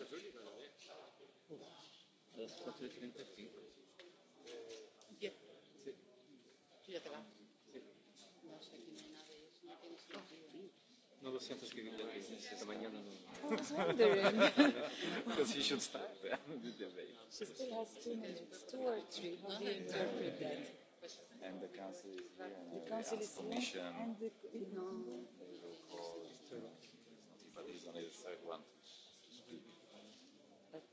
selvfølgelig gør det. Alles natürlich hinter dir. Ja. Sí. Ya te va. Sí. No sé quién es nadie. No tiene sentido. No lo siento escribir de business esta mañana. No. I was wondering. Because you should start yeah, the debate. She still has two minutes, two or three. How do you interpret that? And the council is here. And the council is commission. And the, no. They will call. But he's only the third one.